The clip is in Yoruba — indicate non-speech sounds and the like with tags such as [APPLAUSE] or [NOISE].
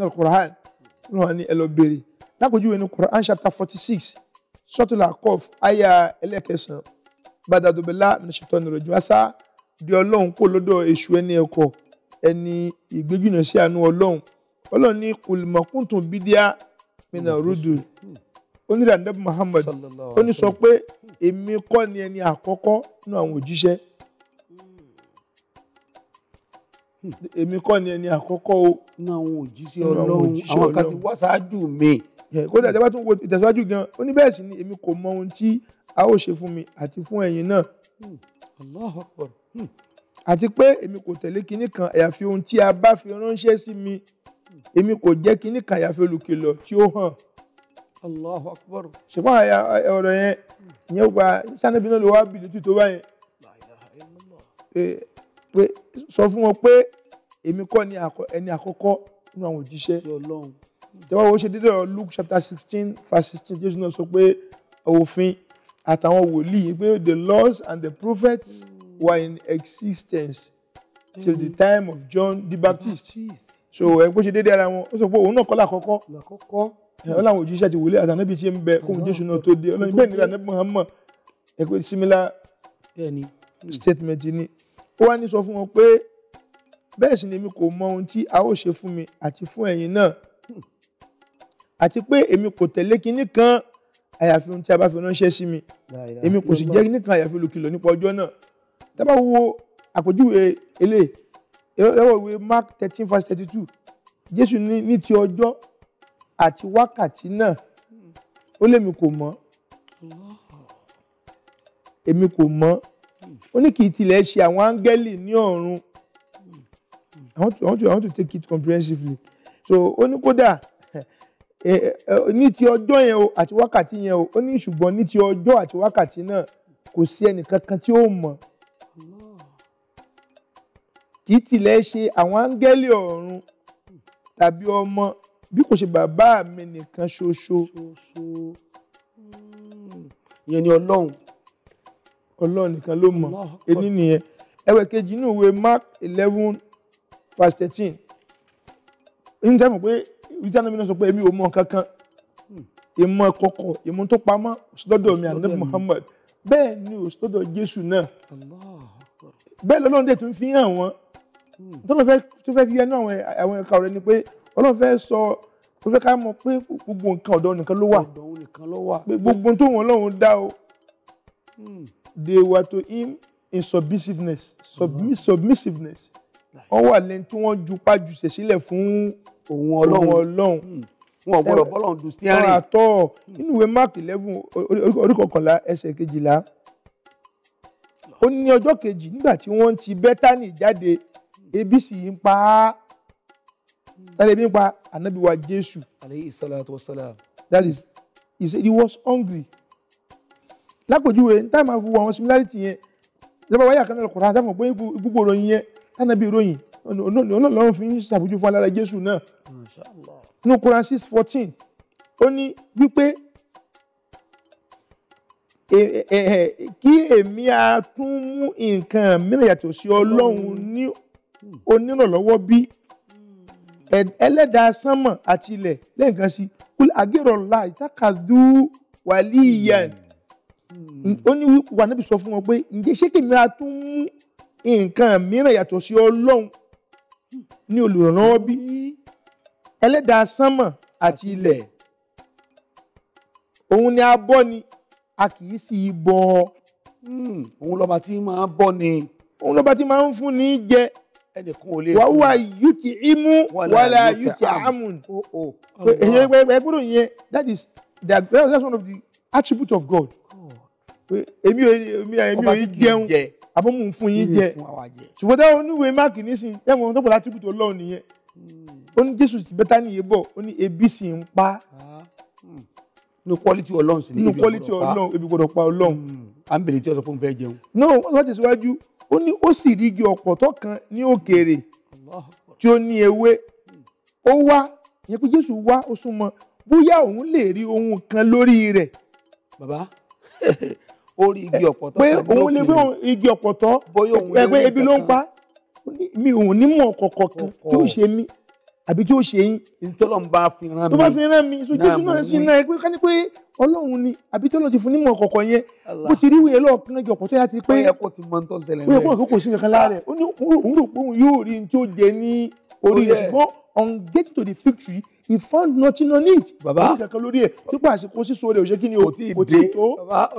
nínú Quran ní wọn ní ẹ lọ béèrè lápèjúwe ní Quran chapter forty six suratul Aqaf àyà ẹlẹ́kẹsàn-án bàdàdùbẹ̀lá ṣètò ìròjù àṣà di ọlọ́run kò lọ́dọ̀ èṣù ẹni ẹ̀kọ́ ẹni ìgbéjìnà sí àánú ọlọ́run ọlọ́run ní kùlùmọ̀kùntùn bídíà mina rudu onírànlẹ́bù Muhammad ó ní sọ pé èmi kọ́ ni ẹni àkọ́kọ́ nínú àwọn òjíṣẹ́ èmi kọ́ ni ẹni àkọ́kọ́ o. ní àwọn òjíṣẹ́ ọlọ́run àwọn kan ti wá ṣáájú mi. kódà ìjọba tún wo ìtẹ̀síwájú gan ó ní bẹ́ẹ̀ sì ni èmi kò mọ ohun tí a ó ṣe fún mi àti fún ẹ̀yin náà. Hmm, Akbar. Hmm. àti pé èmi kò tẹ̀lé kinní kan àyàfi ohun tí a bá fi ránṣẹ́ sí mi èmi kò jẹ́ kinní kan àyàfi olùkìlọ̀ tí ó hàn. Akbar. ṣùgbọ́n àyà ọ̀rọ̀ yẹn ìyẹn gba sanabi náà ló wá bìlítì tó báyẹn pé sọ fún wọn pé èmi kọ́ ni ẹni àkọ́kọ́ nínú àwọn òjíṣẹ́ ìjọba wo ṣe dédé ọ̀rọ̀ Luke chapter sixteen verse sixteen Jésù náà sọ pé òfin àtàwọn wòlíì pé the laws and the prophets hmm. were in existence till the hmm. time of John the Baptist so ẹ pé ṣe dédé ara wọn ó sọ pé òun náà kọ́ làkọ́kọ́ ọ làwọn òjíṣẹ́ ti wòlíì àtànábì ti ń bẹ kóhun Jésù náà tó dé ọlọ́ni bẹ́ẹ̀ ni ìlànà Muhammad ẹ pé similar statement ni ó wá ní sọ fún wọn pé bẹ́ẹ̀ sì ni èmi kò mọ ohun tí a ó ṣe fún mi àti fún ẹ̀yin náà àti pé èmi kò tẹ̀lé kinní kan àyàfi ohun tí a bá fi ránṣẹ́ sí mi èmi kò sì jẹ́ kinní kan àyàfi olùkìlọ̀ nípa ọjọ́ náà tá wo àpèjúwe eléyìí ẹwọ́ ìwé Mark thirteen verse thirty two Jésù ní ní ti ọjọ́ àti wákàtí náà ó lèmi kò mọ̀ èmi kò mọ̀ ó ní kì í tilẹ̀ ṣe àwọn áńgẹ́lì ní ọ̀run I want to, I want to, take it comprehensively so ó ní kódà ní ti ọjọ́ yẹn o àti wákàtí yẹn o ó ní ṣùgbọ́n ní ti ọjọ́ àti wákàtí náà kò sí ẹnìkankan tí ó mọ̀ kì í tilẹ̀ ṣe àwọn áńgẹ́lì ọ̀run tàbí ọmọ bí kò ṣe bàbá mi nìkan ṣoṣo. Hmm. ìyẹn ni ọlọ́run ọlọ́run nìkan ló mọ̀ ẹni nìyẹn ẹwẹ̀ kejì inú ìwé mark eleven verse thirteen ní tẹ́ mọ̀ pé ìjà náà mi náà sọ pé èmi ò mọ̀ kankan hmm. ìmọ̀ kọ̀kọ̀ ìmọ̀ tó pamọ́ sọ́dọ̀ mi ànábì muhammad bẹ́ẹ̀ ni ò sọ́dọ̀ jésù náà bẹ́ẹ̀ lọ́lọ́run dẹ̀ tún fi hàn wọ́n hmm. tọ́lọ́ tó fẹ́ fi ẹnu àwọn ẹ̀ka rẹ̀ ni pé ọlọ́run fẹ́ sọ ó fẹ́ ká mọ̀ pé gbogbo nǹkan ọ̀dọ̀ nìkan ló wà gbogbo tó wọn lọ́hùn dá o hmm they were to him in submissiveness submi submissiveness wọ́n wà lẹ́ni tí wọ́n ju pájú ṣe sílẹ̀ fún òun ọlọ́run hmm. wọn ò gbọ́dọ̀ bọ́lọ̀ dùn steering. ọ̀rọ̀ àtọ̀ nínú ìwé mark eleven orí kọkànlá ẹsẹ̀ kejìlá ó ní ọjọ́ kejì nígbà tí wọ́n ti bẹ́tánì jáde ebi hmm. sì ń pa á hmm. tálẹ̀ ebi ń pa ànábì jésù. aleyhi salatu wa salam. that is he said he was hungry lápèjúwe táà máa fi wo àwọn similarity yẹn lọ́pọ̀ wáyà kan lọ́kùnrin àtàkùn pé gbogbo ìròyìn yẹn tánàbí ìròyìn ọlọ́run fi ń ṣàbójú fún alára Jésù náà ní Quran six fourteen ó ní wípé kí èmi á tún mú nǹkan mìíràn yàtọ̀ sí ọlọ́run ní onírànlọ́wọ́ bí ẹlẹ́dàá sánmọ̀ àti ilẹ̀ lẹ́ǹkan sí kúlẹ̀ àgẹ́rọ̀ láì tákàdú wàlíyàn ó ní wíwà níbi sọ fún wọn pé ǹjẹ́ ṣé kèmí a tún mú nǹkan mìíràn yàtọ̀ sí ọlọ́run ní olùrànlọ́wọ́ bí ẹlẹ́dàá sánmà àti ilẹ̀ òun ni a bọ́ ni a kì í sì bọ hmm, òun lọ́ba tí máa bọ́ ni òun lọ́ba tí máa ń fún ní jẹ wà wà yùtì imú wàlà yùtì àmùn ẹ̀yẹ́ gbẹ́gbẹ́ yẹn that is that, that is one of the attributes of God èmi ò èmi ò yín jẹun àbọ̀ mò ń fún yín jẹ ṣùgbọ́n táwọn oníwè máàkì nísìn táwọn ohun tó pọ̀ látìkù tó lọ́ọ̀ nìyẹn hmm. ó ní jésù ti bẹ́tà nìyẹn bọ̀ ó ní ebi sì ń pa ah, hmm. nínú quality ọlọ́run sì ni nínú quality ọlọ́run ebi gbọ́dọ̀ pa ọlọ́run. Hmm. à ń bèrè tí ọsọ fún mi fẹ́ jẹun. no wọ́n sọ tẹ̀síwájú ó ní ó sì rí igi ọ̀pọ̀tọ́ kan ní òkèèrè tí ó ní ewé ó wá yẹn pé jésù wá ó súnmọ́ bóyá òun lè rí ohun kan lórí rẹ̀. bàbá [LAUGHS] orí igi ọ̀pọ̀tọ́. pé òun lè gbé igi ọ̀pọ̀tọ́ ẹgbẹ́ ebi ló ń pa mi ò ní mọ̀ kọ̀kọ̀ kan tí ó ṣe mí àbí tí ó ṣe yín. nítorí wọn bá fi rán mi. tó bá fi rán mi sojú sí náà sí náà pé ká ní pé ọlọ́run ni àbí tí ọlọ́run ti fún nímọ̀ kọ̀ọ̀kan yẹn bó ti rí ìwé lọ́ọ̀kan jọpọ̀ tó yà ti pé. ó yẹ kó ti mọ nítorí tẹ́lẹ̀ rẹ. ó yẹ kó kò sí kankan lára rẹ̀ ó ní òun rò pé òun yóò rí ní tí ó jẹ ní orí rẹ̀ ṣùgbọ́n on getting to the victory he found nothing on it. bàbá ó ní kankan lórí ẹ̀ tó pàṣẹ kó sísọ rẹ̀ òṣèkí ni ò tí ì tó.